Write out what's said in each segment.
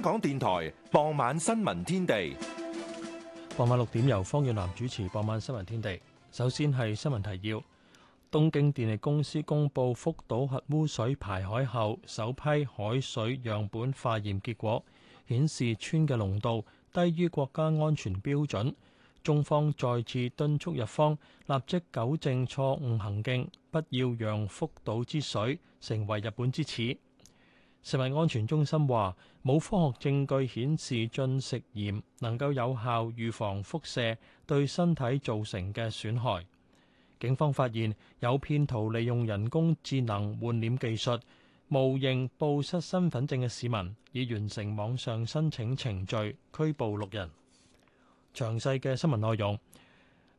香港電台傍晚新聞天地，傍晚六點由方遠南主持。傍晚新聞天地，首先係新聞提要：東京電力公司公布福島核污水排海後首批海水樣本化驗結果，顯示氚嘅濃度低於國家安全標準。中方再次敦促日方立即糾正錯誤行徑，不要讓福島之水成為日本之恥。食物安全中心話冇科學證據顯示，進食鹽能夠有效預防輻射對身體造成嘅損害。警方發現有騙徒利用人工智能換臉技術冒認報失身份證嘅市民，已完成網上申請程序，拘捕六人。詳細嘅新聞內容，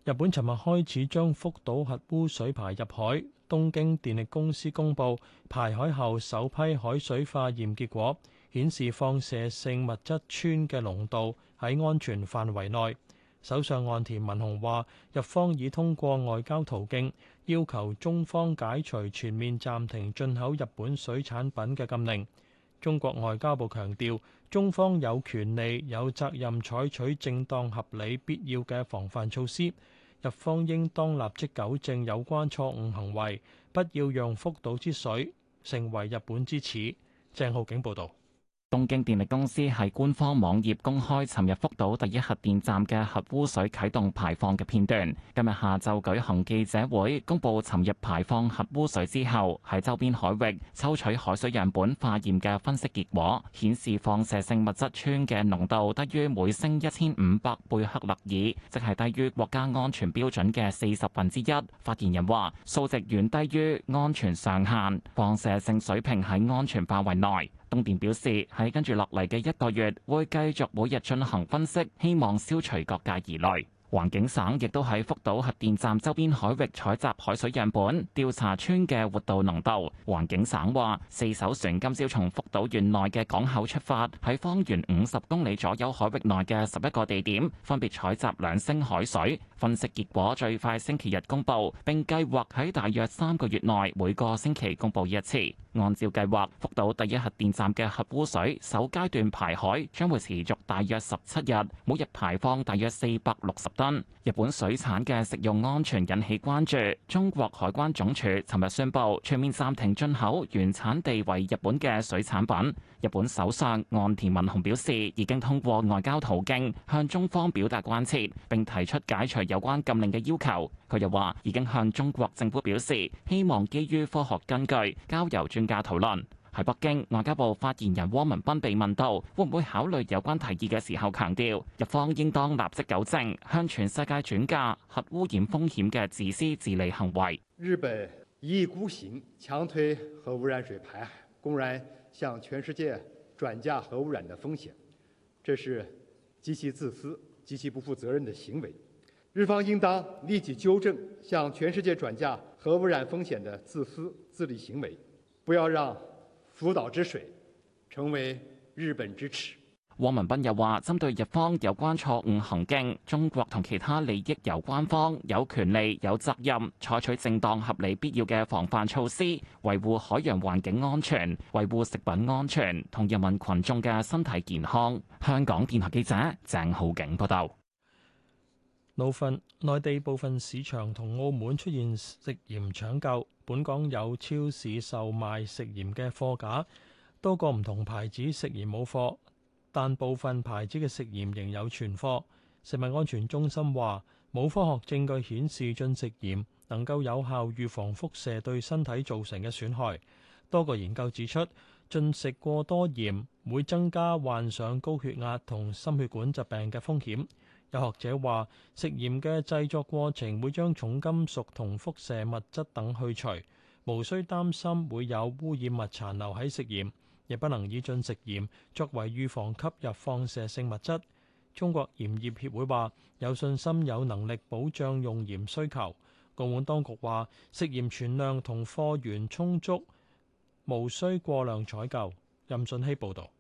日本尋日開始將福島核污水排入海。東京電力公司公布排海後首批海水化驗結果顯示，放射性物質氚嘅濃度喺安全範圍內。首相岸田文雄話：日方已通過外交途徑要求中方解除全面暫停進口日本水產品嘅禁令。中國外交部強調，中方有權利、有責任採取正當、合理、必要嘅防範措施。日方應當立即糾正有關錯誤行為，不要讓福島之水成為日本之恥。鄭浩景報導。東京電力公司喺官方網頁公開尋日福島第一核電站嘅核污水啟動排放嘅片段。今日下晝舉行記者會，公布尋日排放核污水之後，喺周邊海域抽取海水樣本化驗嘅分析結果，顯示放射性物質氚嘅濃度低於每升一千五百貝克勒爾，即係低於國家安全標準嘅四十分之一。發言人話，數值遠低於安全上限，放射性水平喺安全範圍內。東電表示，喺跟住落嚟嘅一個月，會繼續每日進行分析，希望消除各界疑慮。環境省亦都喺福島核電站周邊海域採集海水樣本，調查氚嘅活度濃度。環境省話，四艘船今朝從福島縣內嘅港口出發，喺方圓五十公里左右海域內嘅十一個地點，分別採集兩升海水。分析結果最快星期日公佈，並計劃喺大約三個月內每個星期公佈一次。按照計劃，福島第一核電站嘅核污水首階段排海將會持續大約十七日，每日排放大約四百六十。日本水產嘅食用安全引起關注。中國海關總署尋日宣布全面暫停進口原產地為日本嘅水產品。日本首相岸田文雄表示，已經通過外交途徑向中方表達關切，並提出解除有關禁令嘅要求。佢又話，已經向中國政府表示希望基於科學根據交由專家討論。喺北京，外交部發言人汪文斌被問到會唔會考慮有關提議嘅時候強調，強調日方應當立即糾正向全世界轉嫁核污染風險嘅自私自利行為。日本一意孤行，強推核污染水排海，公然向全世界轉嫁核污染的風險，這是極其自私、極其不負責任的行為。日方應當立即糾正向全世界轉嫁核污染風險的自私自利行為，不要讓。主導之水，成為日本支持。汪文斌又話：針對日方有關錯誤行徑，中國同其他利益有關方有權利、有責任採取正當、合理、必要嘅防範措施，維護海洋環境安全、維護食品安全同人民群眾嘅身體健康。香港電台記者鄭浩景報道。部分內地部分市場同澳門出現食鹽搶購，本港有超市售賣食鹽嘅貨架，多個唔同牌子食鹽冇貨，但部分牌子嘅食鹽仍有存貨。食物安全中心話，冇科學證據顯示進食鹽能夠有效預防輻射對身體造成嘅損害。多個研究指出，進食過多鹽會增加患上高血壓同心血管疾病嘅風險。有學者話，食鹽嘅製作過程會將重金屬同輻射物質等去除，無需擔心會有污染物殘留喺食鹽。亦不能以進食鹽作為預防吸入放射性物質。中國鹽業協會話有信心有能力保障用鹽需求。澳門當局話食鹽存量同貨源充足，無需過量採購。任俊熙報導，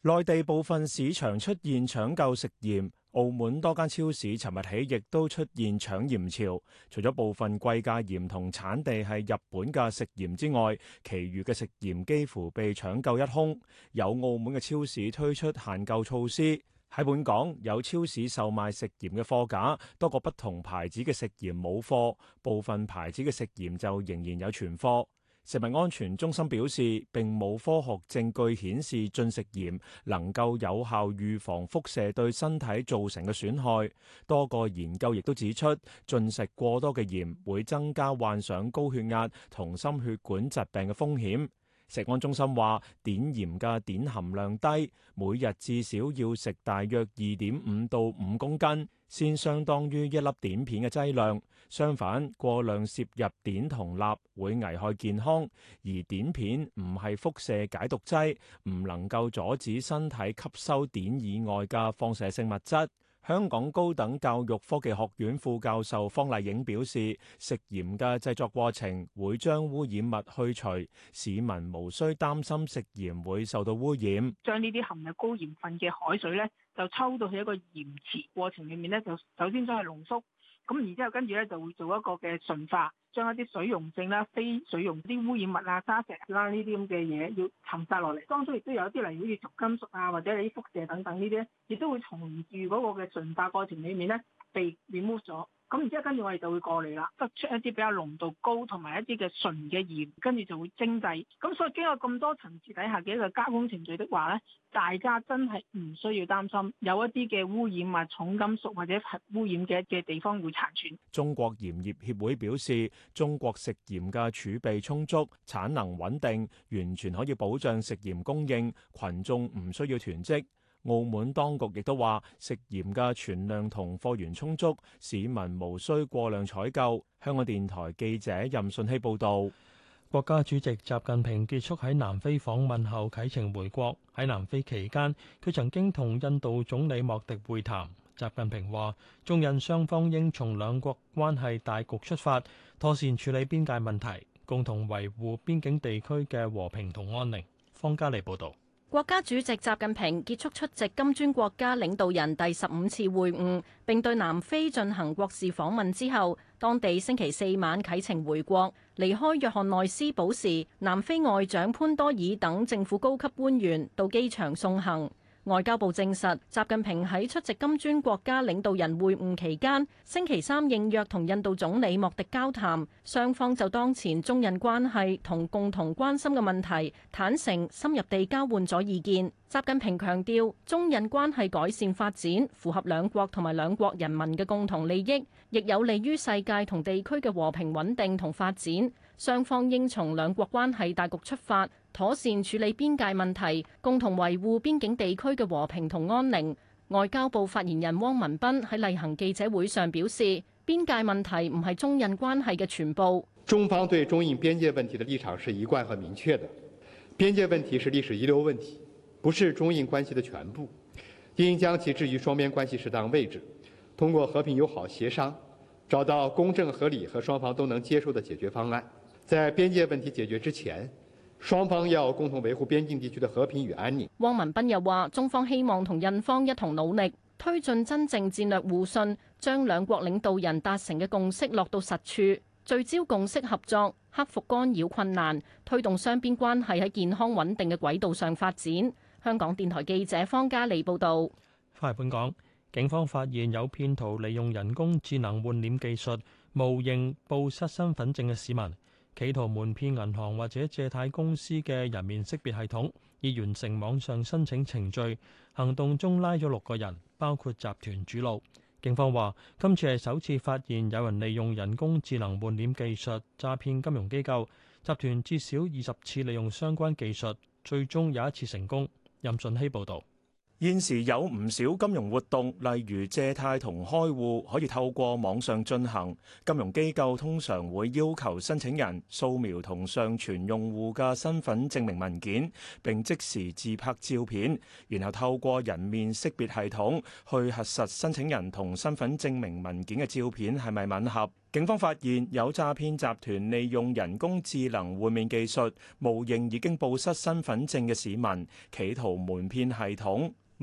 內地部分市場出現搶購食鹽。澳門多間超市尋日起亦都出現搶鹽潮，除咗部分貴價鹽同產地係日本嘅食鹽之外，其餘嘅食鹽幾乎被搶購一空。有澳門嘅超市推出限購措施，喺本港有超市售賣食鹽嘅貨架，多個不同牌子嘅食鹽冇貨，部分牌子嘅食鹽就仍然有存貨。食物安全中心表示，並冇科學證據顯示進食鹽能夠有效預防輻射對身體造成嘅損害。多個研究亦都指出，進食過多嘅鹽會增加患上高血壓同心血管疾病嘅風險。食安中心話，碘鹽嘅碘含量低，每日至少要食大約二點五到五公斤，先相當於一粒碘片嘅劑量。相反，過量攝入碘同鈉會危害健康，而碘片唔係輻射解毒劑，唔能夠阻止身體吸收碘以外嘅放射性物質。香港高等教育科技學院副教授方麗影表示，食鹽嘅製作過程會將污染物去除，市民無需擔心食鹽會受到污染。將呢啲含有高鹽分嘅海水咧，就抽到去一個鹽池過程裏面咧，就首先將係濃縮。咁然之後跟住咧就會做一個嘅純化，將一啲水溶性啦、非水溶啲污染物啊、沙石啦呢啲咁嘅嘢要沉晒落嚟。當中亦都有一啲例如好似重金屬啊，或者你啲輻射等等呢啲，亦都會從住嗰個嘅純化過程裡面咧被 remove 咗。咁然之後，跟住我哋就會過嚟，啦，得出一啲比較濃度高同埋一啲嘅純嘅鹽，跟住就會精製，咁所以經過咁多層次底下嘅一個加工程序的話咧，大家真係唔需要擔心有一啲嘅污染物、重金屬或者核污染嘅嘅地方會殘存。中國鹽業協會表示，中國食鹽嘅儲備充足，產能穩定，完全可以保障食鹽供應，群眾唔需要囤積。澳門當局亦都話食鹽嘅存量同貨源充足，市民無需過量採購。香港電台記者任信希報道。國家主席習近平結束喺南非訪問後啟程回國。喺南非期間，佢曾經同印度總理莫迪會談。習近平話，中印雙方應從兩國關係大局出發，妥善處理邊界問題，共同維護邊境地區嘅和平同安寧。方家莉報道。國家主席習近平結束出席金磚國家領導人第十五次會晤，並對南非進行國事訪問之後，當地星期四晚啟程回國，離開約翰內斯堡時，南非外長潘多爾等政府高級官員到機場送行。外交部證實，習近平喺出席金磚國家領導人會晤期間，星期三應約同印度總理莫迪交談，雙方就當前中印關係同共同關心嘅問題坦誠深入地交換咗意見。習近平強調，中印關係改善發展符合兩國同埋兩國人民嘅共同利益，亦有利於世界同地區嘅和平穩定同發展。雙方應從兩國關係大局出發。妥善處理邊界問題，共同維護邊境地區嘅和平同安寧。外交部發言人汪文斌喺例行記者會上表示，邊界問題唔係中印關係嘅全部。中方對中印邊界問題的立場是一貫和明確的。邊界問題是歷史遺留問題，不是中印關係的全部，應將其置於雙邊關係適當位置，通過和平友好協商，找到公正合理和雙方都能接受的解決方案。在邊界問題解決之前，雙方要共同維護邊境地區的和平與安寧。汪文斌又話：中方希望同印方一同努力，推進真正戰略互信，將兩國領導人達成嘅共識落到實處，聚焦共識合作，克服干擾困難，推動雙邊關係喺健康穩定嘅軌道上發展。香港電台記者方嘉利報道。翻嚟本港，警方發現有騙徒利用人工智能換臉技術，冒認報失身份證嘅市民。企圖瞞騙銀行或者借貸公司嘅人面識別系統，已完成網上申請程序。行動中拉咗六個人，包括集團主腦。警方話今次係首次發現有人利用人工智能換臉技術詐騙金融機構。集團至少二十次利用相關技術，最終有一次成功。任俊希報導。現時有唔少金融活動，例如借貸同開戶，可以透過網上進行。金融機構通常會要求申請人掃描同上傳用戶嘅身份證明文件，並即時自拍照片，然後透過人面識別系統去核實申請人同身份證明文件嘅照片係咪吻合。警方發現有詐騙集團利用人工智能換面技術，模擬已經報失身份證嘅市民，企圖瞞騙系統。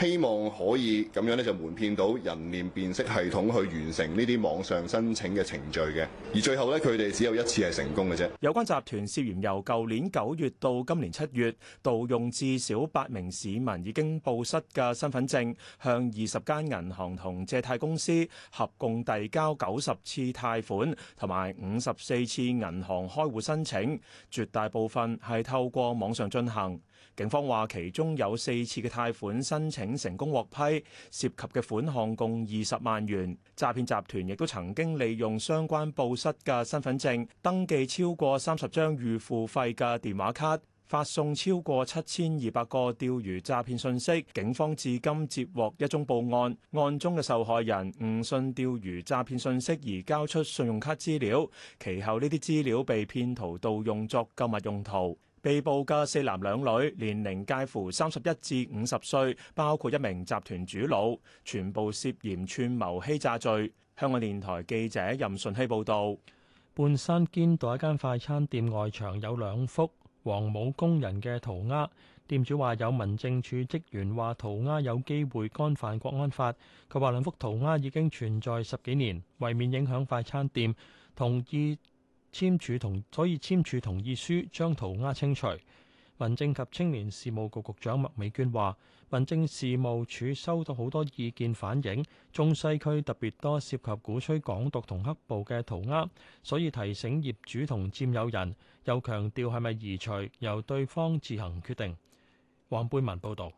希望可以咁樣咧，就瞞騙到人臉辨識系統去完成呢啲網上申請嘅程序嘅。而最後呢，佢哋只有一次係成功嘅啫。有關集團涉嫌由舊年九月到今年七月，盜用至少八名市民已經報失嘅身份證，向二十間銀行同借貸公司合共遞交九十次貸款同埋五十四次銀行開戶申請，絕大部分係透過網上進行。警方話，其中有四次嘅貸款申請成功獲批，涉及嘅款項共二十萬元。詐騙集團亦都曾經利用相關報失嘅身份證，登記超過三十張預付費嘅電話卡，發送超過七千二百個釣魚詐騙信息。警方至今接獲一宗報案，案中嘅受害人誤信釣魚詐騙信息而交出信用卡資料，其後呢啲資料被騙徒盜用作購物用途。被捕嘅四男兩女，年齡介乎三十一至五十歲，包括一名集團主腦，全部涉嫌串謀欺詐罪。香港電台記者任順希報道。半山堅道一間快餐店外牆有兩幅黃母工人嘅塗鴉，店主話有民政處職員話塗鴉有機會干犯國安法，佢話兩幅塗鴉已經存在十幾年，為免影響快餐店，同意。簽署，同所以簽署同意書將塗鴉清除。民政及青年事務局局長麥美娟話：民政事務處收到好多意見反映，中西區特別多涉及鼓吹港獨同黑暴嘅塗鴉，所以提醒業主同佔有人。又強調係咪移除由對方自行決定。黃貝文報導。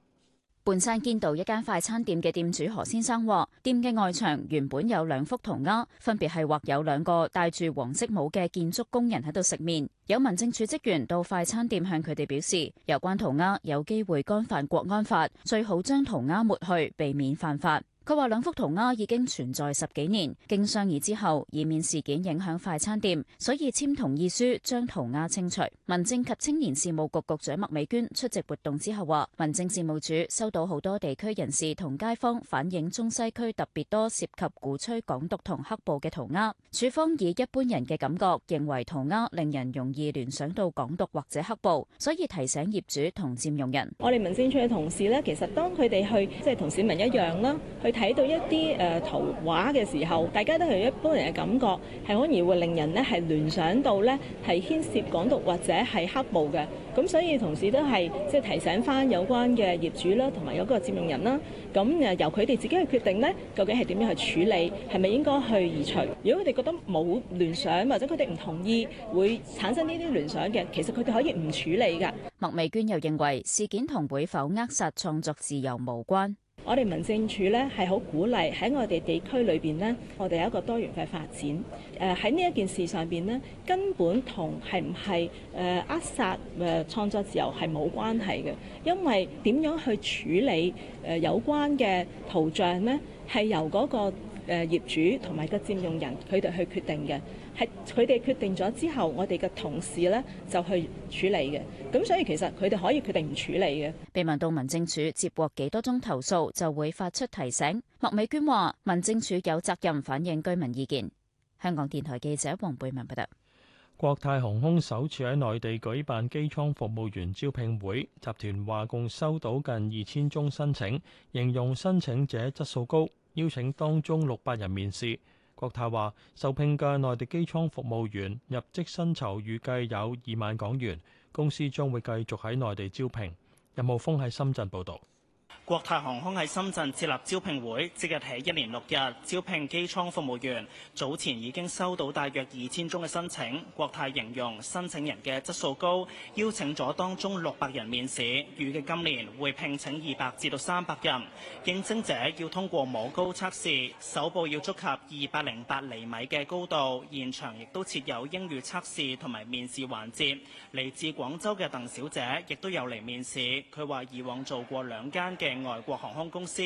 半山堅道一間快餐店嘅店主何先生話，店嘅外牆原本有兩幅塗鴉，分別係畫有兩個戴住黃色帽嘅建築工人喺度食麵。有民政處職員到快餐店向佢哋表示，有關塗鴉有機會干犯國安法，最好將塗鴉抹去，避免犯法。佢話兩幅塗鴉已經存在十幾年，經商議之後，以免事件影響快餐店，所以簽同意書將塗鴉清除。民政及青年事務局局長麥美娟出席活動之後話：民政事務處收到好多地區人士同街坊反映中西區特別多涉及鼓吹港獨同黑暴嘅塗鴉，處方以一般人嘅感覺認為塗鴉令人容易聯想到港獨或者黑暴，所以提醒業主同佔用人。我哋民政處嘅同事咧，其實當佢哋去即係同市民一樣啦，去。睇到一啲誒圖畫嘅時候，大家都係一般人嘅感覺，係可能會令人咧係聯想到咧係牽涉港獨或者係黑暴嘅。咁所以同時都係即係提醒翻有關嘅業主啦，同埋有個佔用人啦。咁誒由佢哋自己去決定呢，究竟係點樣去處理，係咪應該去移除？如果佢哋覺得冇聯想，或者佢哋唔同意會產生呢啲聯想嘅，其實佢哋可以唔處理㗎。麥美娟又認為事件同會否扼殺創作自由無關。我哋民政處咧係好鼓勵喺我哋地區裏邊呢，我哋有一個多元化發展。誒喺呢一件事上邊呢，根本同係唔係誒扼殺誒創作自由係冇關係嘅，因為點樣去處理誒、呃、有關嘅圖像呢，係由嗰、嗰個。誒業主同埋個佔用人，佢哋去決定嘅，係佢哋決定咗之後，我哋嘅同事呢，就去處理嘅。咁所以其實佢哋可以決定唔處理嘅。被問到民政處接獲幾多宗投訴就會發出提醒，麥美娟話：民政處有責任反映居民意見。香港電台記者黃貝文報道。國泰航空首次喺內地舉辦機艙服務員招聘會，集團話共收到近二千宗申請，形容申請者質素高。邀請當中六百人面試。國泰話，受聘嘅內地機艙服務員入職薪酬預計有二萬港元。公司將會繼續喺內地招聘。任浩峯喺深圳報導。國泰航空喺深圳設立招聘會，即日起一年六日招聘機艙服務員。早前已經收到大約二千宗嘅申請。國泰形容申請人嘅質素高，邀請咗當中六百人面試。預計今年會聘請二百至到三百人。應徵者要通過摸高測試，手部要觸及二百零八厘米嘅高度。現場亦都設有英語測試同埋面試環節。嚟自廣州嘅鄧小姐亦都有嚟面試。佢話以往做過兩間嘅。外國航空公司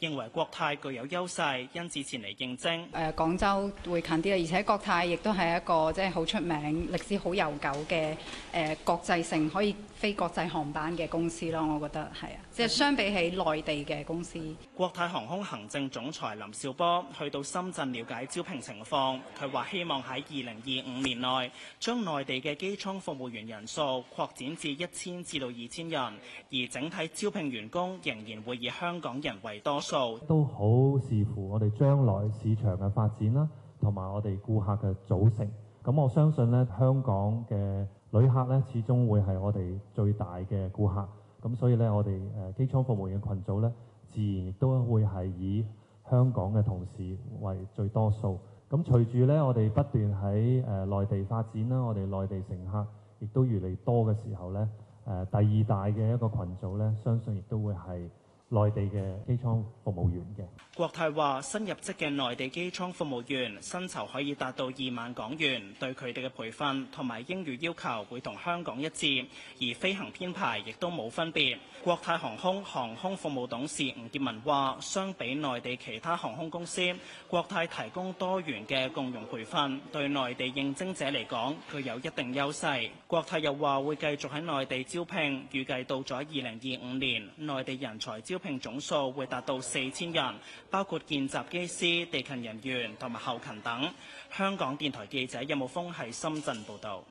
認為國泰具有優勢，因此前嚟應徵。誒、呃，廣州會近啲啦，而且國泰亦都係一個即係好出名、歷史好悠久嘅誒、呃、國際性可以。非國際航班嘅公司咯，我覺得係啊，即係相比起內地嘅公司。國泰航空行政總裁林紹波去到深圳了解招聘情況，佢話希望喺二零二五年內將內地嘅機艙服務員人數擴展至一千至到二千人，而整體招聘員工仍然會以香港人為多數。都好視乎我哋將來市場嘅發展啦，同埋我哋顧客嘅組成。咁我相信呢，香港嘅。旅客咧始終會係我哋最大嘅顧客，咁所以咧我哋誒機艙服務員嘅群組咧，自然亦都會係以香港嘅同事為最多數。咁隨住咧我哋不斷喺誒內地發展啦，我哋內地乘客亦都越嚟越多嘅時候咧，誒第二大嘅一個群組咧，相信亦都會係。內地嘅機艙服務員嘅國泰話：新入職嘅內地機艙服務員薪酬可以達到二萬港元，對佢哋嘅培訓同埋英語要求會同香港一致，而飛行編排亦都冇分別。國泰航空航空服務董事吳傑文話：相比內地其他航空公司，國泰提供多元嘅共融培訓，對內地應徵者嚟講具有一定優勢。國泰又話會繼續喺內地招聘，預計到咗二零二五年內地人才招。聘總數會達到四千人，包括見習機師、地勤人員同埋後勤等。香港電台記者任武峰喺深圳報道。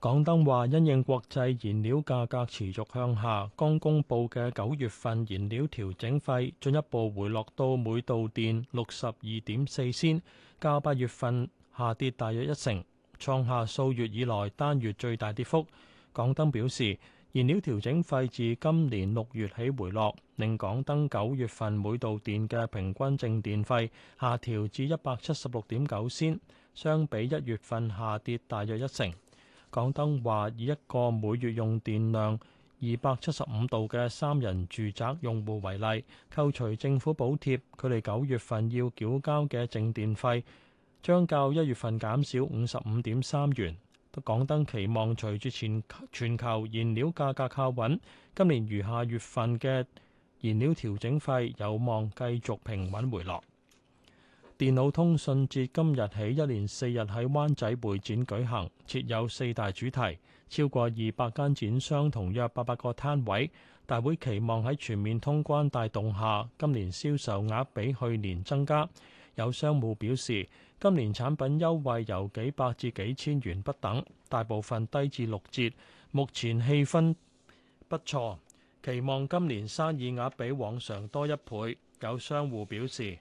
港燈話，因應國際燃料價格持續向下，剛公佈嘅九月份燃料調整費進一步回落到每度電六十二點四仙，較八月份下跌大約一成，創下數月以來單月最大跌幅。港燈表示，燃料調整費自今年六月起回落，令港燈九月份每度電嘅平均淨電費下調至一百七十六點九仙，相比一月份下跌大約一成。港燈話，以一個每月用電量二百七十五度嘅三人住宅用戶為例，扣除政府補貼，佢哋九月份要繳交嘅淨電費將較一月份減少五十五點三元。港燈期望隨住全全球燃料價格靠穩，今年餘下月份嘅燃料調整費有望繼續平穩回落。電腦通訊節今日起一連四日喺灣仔會展舉行，設有四大主題，超過二百間展商同約八百個攤位。大會期望喺全面通關帶動下，今年銷售額比去年增加。有商戶表示。今年產品優惠由幾百至幾千元不等，大部分低至六折。目前氣氛不錯，期望今年生意額比往常多一倍。有商戶表示，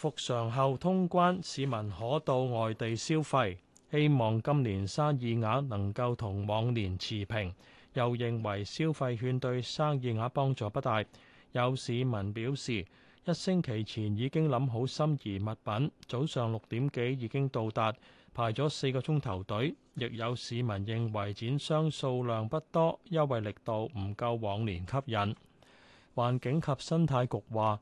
復常後通關，市民可到外地消費，希望今年生意額能夠同往年持平。又認為消費券對生意額幫助不大。有市民表示：一星期前已經諗好心儀物品，早上六點幾已經到達，排咗四個鐘頭隊。亦有市民認為展商數量不多，優惠力度唔夠往年吸引。環境及生態局話，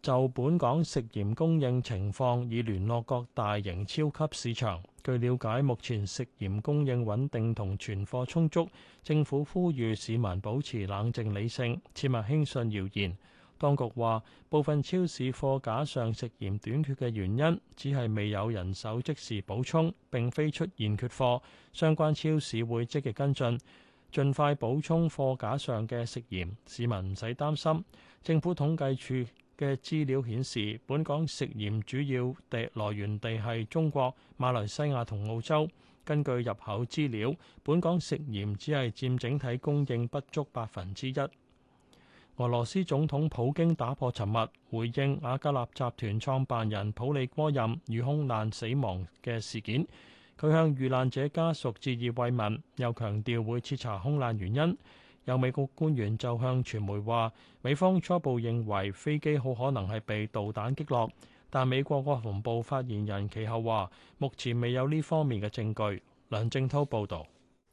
就本港食鹽供應情況，已聯絡各大型超級市場。據了解，目前食鹽供應穩定同存貨充足，政府呼籲市民保持冷靜理性，切勿輕信謠言。當局話，部分超市貨架上食鹽短缺嘅原因，只係未有人手即時補充，並非出現缺貨。相關超市會積極跟進，盡快補充貨架上嘅食鹽，市民唔使擔心。政府統計處嘅資料顯示，本港食鹽主要嘅來源地係中國、馬來西亞同澳洲。根據入口資料，本港食鹽只係佔整體供應不足百分之一。俄羅斯總統普京打破沉默，回應阿加納集團創辦人普利戈任遇空難死亡嘅事件。佢向遇難者家屬致意慰問，又強調會徹查空難原因。有美國官員就向傳媒話，美方初步認為飛機好可能係被導彈擊落，但美國國防部發言人其後話，目前未有呢方面嘅證據。梁正濤報道。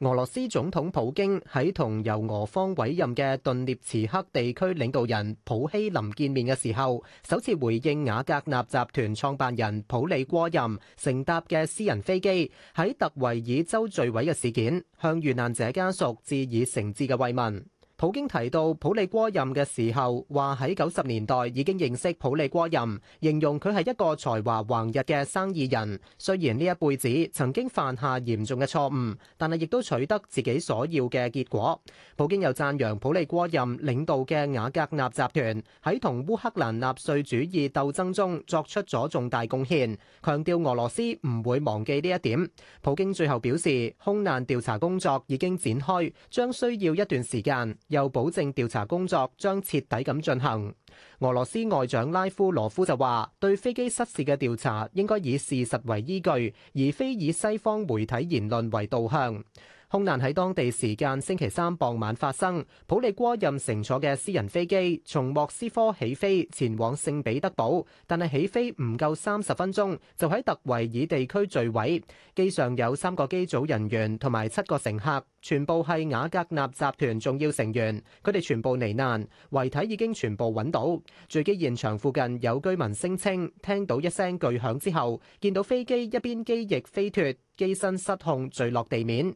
俄羅斯總統普京喺同由俄方委任嘅頓涅茨克地區領導人普希林見面嘅時候，首次回應雅格納集團創辦人普里過任乘搭嘅私人飛機喺特維爾州墜毀嘅事件，向遇難者家屬致以誠摯嘅慰問。普京提到普利戈任嘅時候，話喺九十年代已經認識普利戈任，形容佢係一個才華橫溢嘅生意人。雖然呢一輩子曾經犯下嚴重嘅錯誤，但係亦都取得自己所要嘅結果。普京又讚揚普利戈任領導嘅瓦格納集團喺同烏克蘭納粹主義鬥爭中作出咗重大貢獻，強調俄羅斯唔會忘記呢一點。普京最後表示，空難調查工作已經展開，將需要一段時間。又保證調查工作將徹底咁進行。俄羅斯外長拉夫羅夫就話：對飛機失事嘅調查應該以事實為依據，而非以西方媒體言論為導向。空難喺當地時間星期三傍晚發生。普里戈任乘坐嘅私人飛機從莫斯科起飛，前往聖彼得堡，但係起飛唔夠三十分鐘就喺特維爾地區墜毀。機上有三個機組人員同埋七個乘客，全部係瓦格納集團重要成員。佢哋全部罹難，遺體已經全部揾到。墜機現場附近有居民聲稱，聽到一聲巨響之後，見到飛機一邊機翼飛脫，機身失控墜落地面。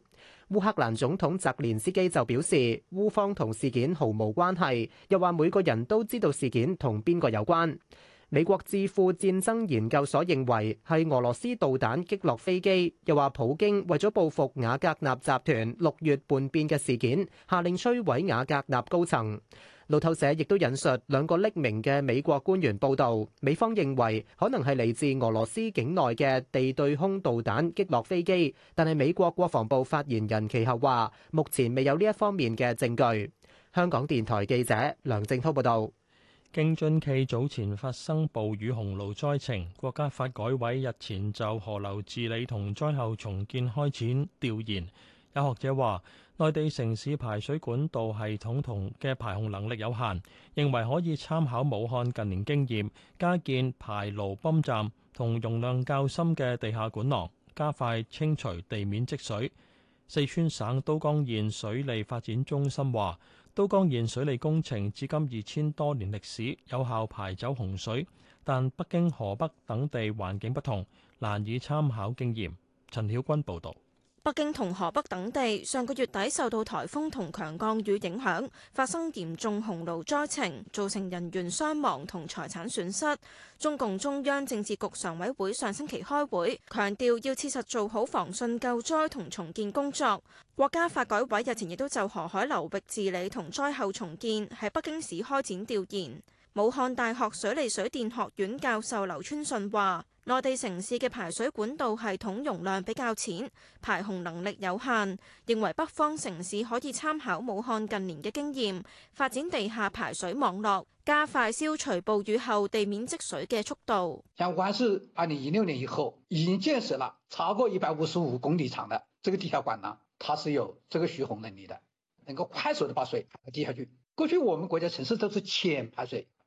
烏克蘭總統澤連斯基就表示，烏方同事件毫無關係，又話每個人都知道事件同邊個有關。美國智庫戰爭研究所認為係俄羅斯導彈擊落飛機，又話普京為咗報復瓦格納集團六月叛變嘅事件，下令摧毀瓦格納高層。路透社亦都引述兩個匿名嘅美國官員報導，美方認為可能係嚟自俄羅斯境內嘅地對空導彈擊落飛機，但係美國國防部發言人其後話，目前未有呢一方面嘅證據。香港電台記者梁正滔報道，京津冀早前發生暴雨洪澇災情，國家發改委日前就河流治理同災後重建開展調研。調有學者話，內地城市排水管道系統同嘅排洪能力有限，認為可以參考武漢近年經驗，加建排澇泵站同容量較深嘅地下管廊，加快清除地面積水。四川省都江堰水利發展中心話，都江堰水利工程至今二千多年歷史，有效排走洪水，但北京、河北等地環境不同，難以參考經驗。陳曉君報導。北京同河北等地上個月底受到颱風同強降雨影響，發生嚴重洪澇災情，造成人員傷亡同財產損失。中共中央政治局常委會上星期開會，強調要切實做好防汛救災同重建工作。國家發改委日前亦都就河海流域治理同災後重建喺北京市開展調研。武漢大學水利水電學院教授劉春信話，內地城市嘅排水管道系統容量比較淺，排洪能力有限，認為北方城市可以參考武漢近年嘅經驗，發展地下排水網絡，加快消除暴雨後地面積水嘅速度。像武漢市二零一六年以後已經建設了超過一百五十五公里長的這個地下管廊，它是有這個蓄洪能力的，能夠快速的把水排到地下去。過去我們國家城市都是淺排水。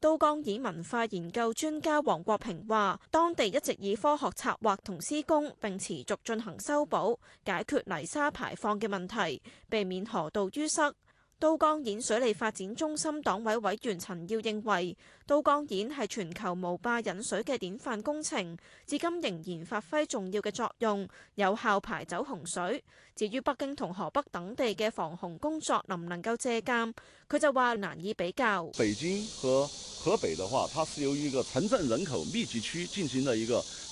都江堰文化研究專家王國平話，當地一直以科學策劃同施工，並持續進行修補，解決泥沙排放嘅問題，避免河道淤塞。都江堰水利發展中心黨委委員陳耀認為，都江堰係全球無壩引水嘅典範工程，至今仍然發揮重要嘅作用，有效排走洪水。至於北京同河北等地嘅防洪工作能唔能夠借鑒，佢就話難以比較。北京和河北的話，它是由一個城鎮人口密集區進行的一個。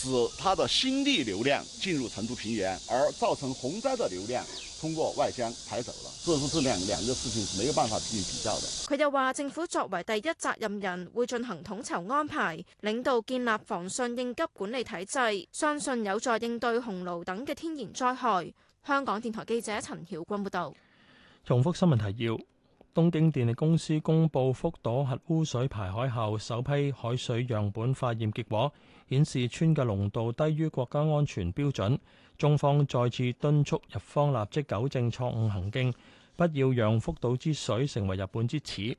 使它的新地流量進入成都平原，而造成洪災的流量通過外江排走了。這是這兩兩個事情是沒有辦法進行比較的。佢又話政府作為第一責任人，會進行統籌安排，領導建立防汛應急管理體制，相信有助應對洪澇等嘅天然災害。香港電台記者陳曉君報道。重複新聞提要：東京電力公司公布福島核污水排海後首批海水樣本化驗結果。顯示村嘅濃度低於國家安全標準，中方再次敦促日方立即糾正錯誤行徑，不要讓福島之水成為日本之恥。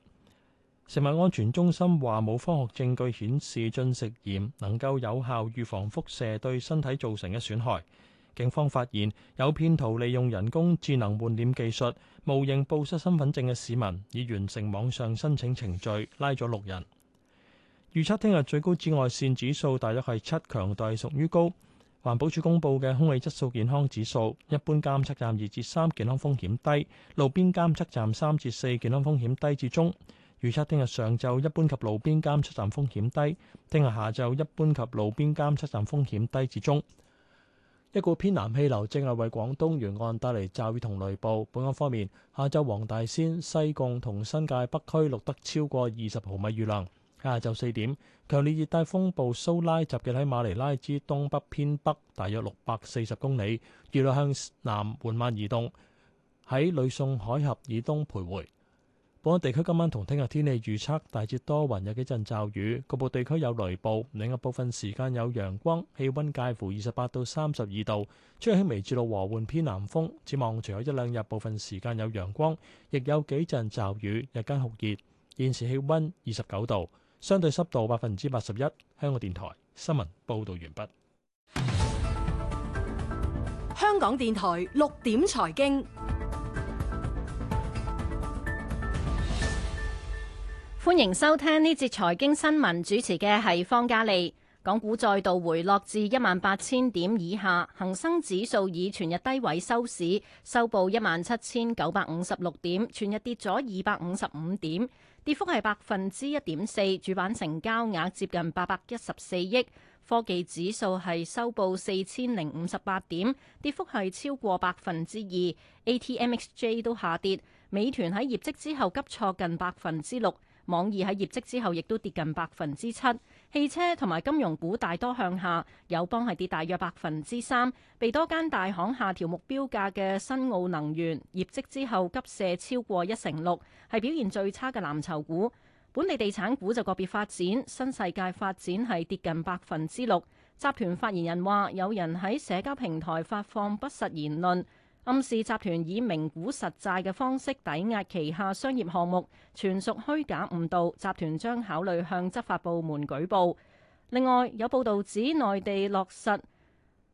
食物安全中心話冇科學證據顯示進食鹽能夠有效預防輻射對身體造成嘅損害。警方發現有騙徒利用人工智能換臉技術，冒認報失身份證嘅市民，已完成網上申請程序，拉咗六人。預測聽日最高紫外線指數大約係七，強度屬於高。環保署公布嘅空氣質素健康指數，一般監測站二至三，健康風險低；路邊監測站三至四，健康風險低至中。預測聽日上晝一般及路邊監測站風險低，聽日下晝一般及路邊監測站風險低至中。一股偏南氣流正係為廣東沿岸帶嚟驟雨同雷暴。本港方面，下晝黃大仙、西貢同新界北區錄得超過二十毫米雨量。下晝四點，強烈熱帶風暴蘇拉集結喺馬尼拉之東北偏北，大約六百四十公里，預料向南緩慢移動，喺呂宋海峽以東徘徊。本港地區今晚同聽日天氣預測大致多雲，有幾陣驟雨。局部地區有雷暴，另一部分時間有陽光。氣溫介乎二十八到三十二度，吹輕微至到和緩偏南風。展望除有一兩日部分時間有陽光，亦有幾陣驟雨，日間酷熱。現時氣溫二十九度。相對濕度百分之八十一。香港電台新聞報道完畢。香港電台六點財經，歡迎收聽呢節財經新聞，主持嘅係方嘉利。港股再度回落至一萬八千點以下，恒生指數以全日低位收市，收報一萬七千九百五十六點，全日跌咗二百五十五點。跌幅係百分之一點四，主板成交額接近八百一十四億。科技指數係收報四千零五十八點，跌幅係超過百分之二。ATMXJ 都下跌，美團喺業績之後急挫近百分之六，網易喺業績之後亦都跌近百分之七。汽車同埋金融股大多向下，友邦係跌大約百分之三，被多間大行下調目標價嘅新奧能源業績之後急瀉超過一成六，係表現最差嘅藍籌股。本地地產股就個別發展，新世界發展係跌近百分之六。集團發言人話：有人喺社交平台發放不實言論。暗示集團以名股實債嘅方式抵押旗下商業項目，全屬虛假誤導。集團將考慮向執法部門舉報。另外，有報導指內地落實，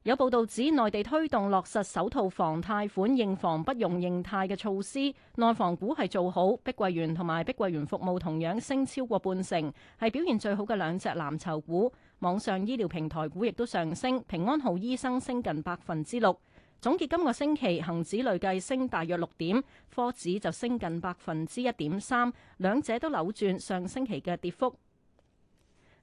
有報導指內地推動落實首套房貸款認房不用認貸嘅措施，內房股係做好，碧桂園同埋碧桂園服務同樣升超過半成，係表現最好嘅兩隻藍籌股。網上醫療平台股亦都上升，平安好醫生升近百分之六。總結今個星期，恒指累計升大約六點，科指就升近百分之一點三，兩者都扭轉上星期嘅跌幅。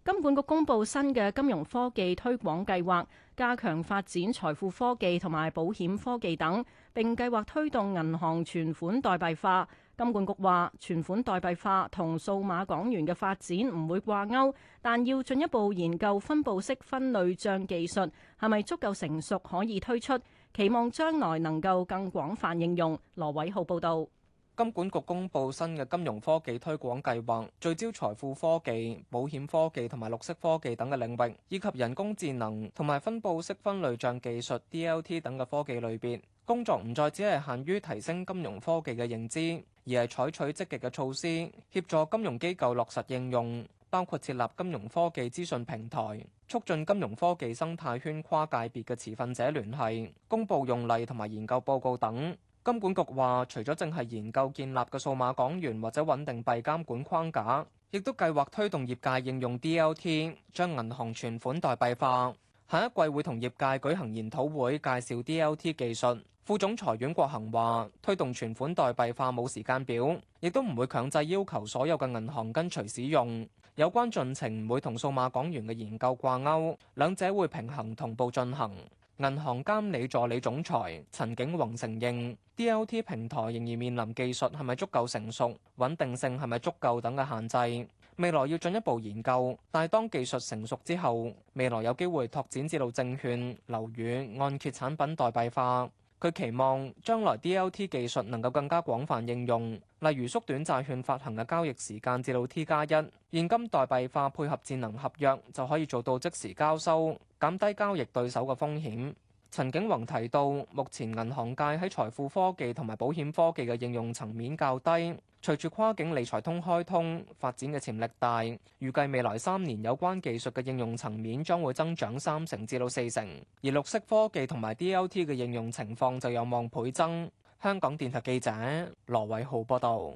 金管局公布新嘅金融科技推廣計劃，加強發展財富科技同埋保險科技等，並計劃推動銀行存款代幣化。金管局話，存款代幣化同數碼港元嘅發展唔會掛鈎，但要進一步研究分布式分類賬技術，係咪足夠成熟可以推出。期望將來能夠更廣泛應用。羅偉浩報道，金管局公布新嘅金融科技推廣計劃，聚焦財富科技、保險科技同埋綠色科技等嘅領域，以及人工智能同埋分布式分類賬技術 （D L T） 等嘅科技類別。工作唔再只係限於提升金融科技嘅認知，而係採取積極嘅措施協助金融機構落實應用。包括設立金融科技資訊平台，促進金融科技生態圈跨界別嘅持份者聯繫，公布用例同埋研究報告等。金管局話，除咗淨係研究建立嘅數碼港元或者穩定幣監管框架，亦都計劃推動業界應用 D L T，將銀行存款代幣化。下一季會同業界舉行研討會，介紹 D L T 技術。副總裁阮國恒話，推動存款代幣化冇時間表，亦都唔會強制要求所有嘅銀行跟隨使用。有關進程唔會同數碼港元嘅研究掛鈎，兩者會平衡同步進行。銀行監理助理總裁陳景宏承認，D L T 平台仍然面臨技術係咪足夠成熟、穩定性係咪足夠等嘅限制，未來要進一步研究。但係當技術成熟之後，未來有機會拓展至到證券、樓宇按揭產品代幣化。佢期望將來 D L T 技術能夠更加廣泛應用。例如縮短債券發行嘅交易時間至到 T 加一，現金代幣化配合智能合約就可以做到即時交收，減低交易對手嘅風險。陳景宏提到，目前銀行界喺財富科技同埋保險科技嘅應用層面較低，隨住跨境理財通開通，發展嘅潛力大。預計未來三年有關技術嘅應用層面將會增長三成至到四成，而綠色科技同埋 DLT 嘅應用情況就有望倍增。香港電台記者羅偉浩報道，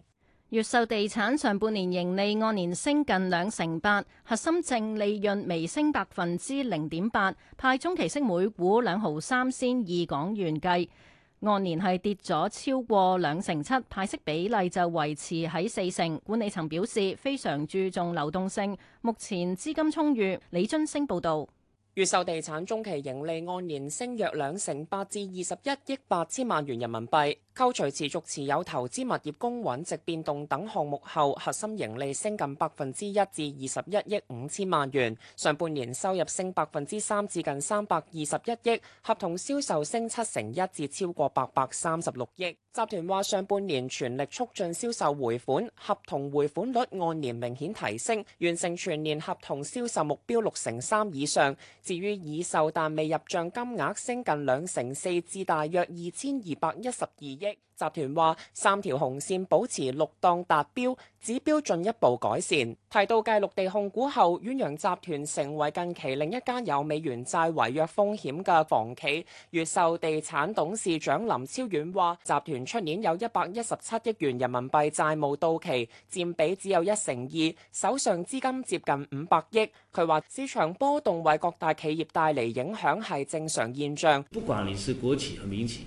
越秀地產上半年盈利按年升近兩成八，核心淨利潤微升百分之零點八，派中期息每股兩毫三仙二港元計，按年係跌咗超過兩成七，派息比例就維持喺四成。管理層表示非常注重流動性，目前資金充裕。李津星報道。越秀地產中期盈利按年升約兩成八至二十一億八千萬元人民幣。扣除持續持有投資物業公允值變動等項目後，核心盈利升近百分之一至二十一億五千萬元。上半年收入升百分之三至近三百二十一億，合同銷售升七成一至超過八百三十六億。集團話，上半年全力促進銷售回款，合同回款率按年明顯提升，完成全年合同銷售目標六成三以上。至於已售但未入帳金額，升近兩成四至大約二千二百一十二億。集團話三條紅線保持六檔達標，指標進一步改善。提到繼綠地控股後，遠洋集團成為近期另一間有美元債違約風險嘅房企。越秀地產董事長林超遠話：集團出年有一百一十七億元人民幣債務到期，占比只有一成二，手上資金接近五百億。佢話市場波動為各大企業帶嚟影響係正常現象。不管你是國企和民企。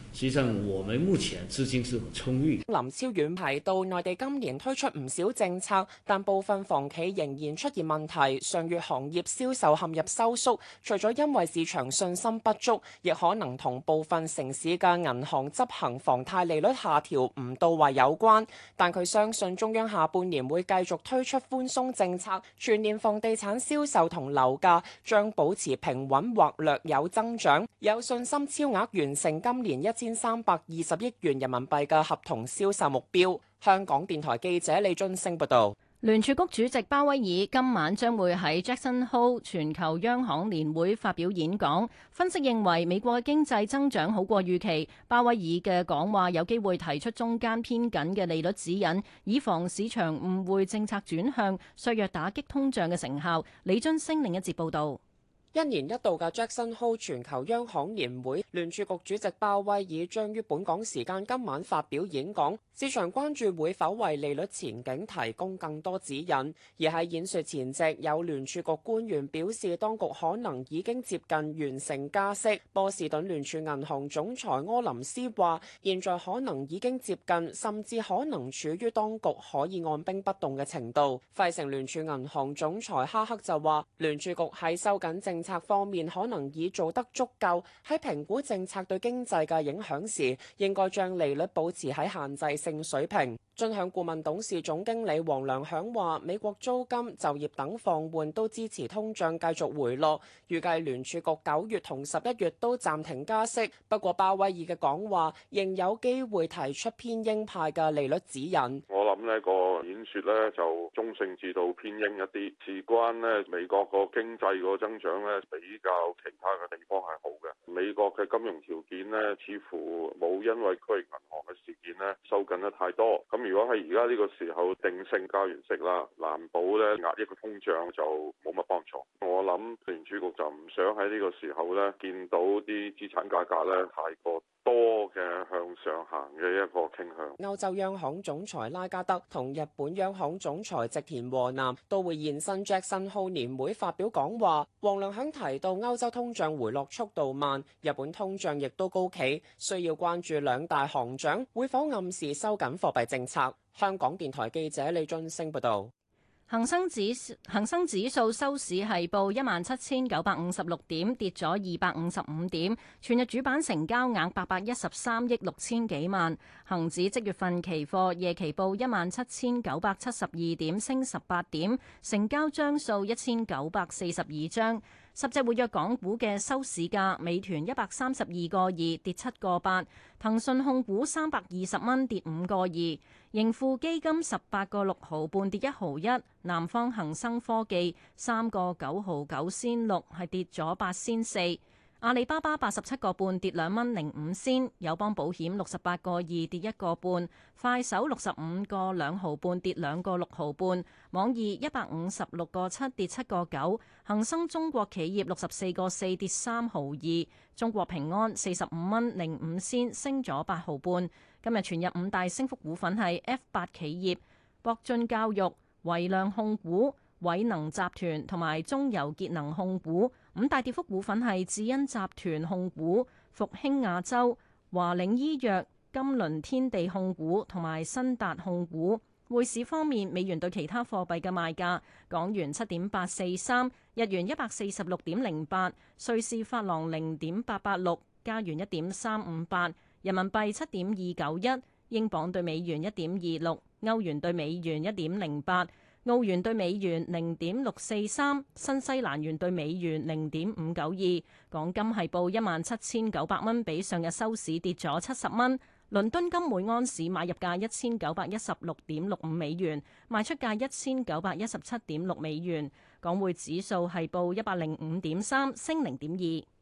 先生，我們目前資金是充裕。林超遠提到，內地今年推出唔少政策，但部分房企仍然出現問題，上月行業銷售陷入收縮，除咗因為市場信心不足，亦可能同部分城市嘅銀行執行房貸利率下調唔到位有關，但佢相信中央下半年會繼續推出寬鬆政策，全年房地產銷售同樓價將保持平穩或略有增長，有信心超額完成今年一千三百二十億元人民幣嘅合同銷售目標。香港電台記者李津升報道。聯儲局主席鮑威爾今晚將會喺 Jackson Hole 全球央行年會發表演講。分析認為，美國經濟增長好過預期，鮑威爾嘅講話有機會提出中間偏緊嘅利率指引，以防市場誤會政策轉向削弱打擊通脹嘅成效。李津升另一節報道。一年一度嘅 Jackson Hole 全球央行年會，聯儲局主席鮑威爾將於本港時間今晚發表演講，市場關注會否為利率前景提供更多指引，而喺演說前夕，有聯儲局官員表示當局可能已經接近完成加息。波士頓聯儲銀行總裁柯林斯話：現在可能已經接近，甚至可能處於當局可以按兵不動嘅程度。費城聯儲銀行總裁哈克就話：聯儲局喺收緊政。政策方面可能已做得足夠。喺評估政策對經濟嘅影響時，應該將利率保持喺限制性水平。進向顧問董事總經理黃良響話：美國租金、就業等放緩都支持通脹繼續回落。預計聯儲局九月同十一月都暫停加息。不過，鮑威爾嘅講話仍有機會提出偏鷹派嘅利率指引。我諗呢個演説咧就中性至到偏鷹一啲，事關咧美國個經濟個增長咧。比較其他嘅地方係好嘅，美國嘅金融條件呢，似乎冇因為區域銀行嘅事件呢收緊得太多。咁如果喺而家呢個時候定性加完息啦，難保呢壓抑個通脹就冇乜幫助。我諗聯儲局就唔想喺呢個時候呢見到啲資產價格呢太過。多嘅向上行嘅一個傾向。歐洲央行總裁拉加德同日本央行總裁植田和男都會現身傑克森霍爾年會發表講話。王良響提到，歐洲通脹回落速度慢，日本通脹亦都高企，需要關注兩大行長會否暗示收緊貨幣政策。香港電台記者李俊升報導。恒生指恒生指數收市係報一萬七千九百五十六點，跌咗二百五十五點，全日主板成交額八百一十三億六千幾萬。恒指即月份期貨夜期報一萬七千九百七十二點，升十八點，成交張數一千九百四十二張。十隻活躍港股嘅收市價，美團一百三十二個二，跌七個八；騰訊控股三百二十蚊，跌五個二。盈富基金十八個六毫半跌一毫一，南方恒生科技三個九毫九仙六係跌咗八仙四，阿里巴巴八十七個半跌兩蚊零五仙，友邦保險六十八個二跌一個半，快手六十五個兩毫半跌兩個六毫半，網易一百五十六個七跌七個九，恒生中國企業六十四個四跌三毫二，中國平安四十五蚊零五仙升咗八毫半。今日全日五大升幅股份係 F 八企業博進教育、維量控股、偉能集團同埋中油潔能控股；五大跌幅股份係智恩集團控股、復興亞洲、華領醫藥、金輪天地控股同埋新達控股。匯市方面，美元對其他貨幣嘅賣價：港元七點八四三，日元一百四十六點零八，瑞士法郎零點八八六，加元一點三五八。人民幣七點二九一，英鎊對美元一點二六，歐元對美元一點零八，澳元對美元零點六四三，新西蘭元對美元零點五九二。港金係報一萬七千九百蚊，比上日收市跌咗七十蚊。倫敦金每盎司買入價一千九百一十六點六五美元，賣出價一千九百一十七點六美元。港匯指數係報一百零五點三，升零點二。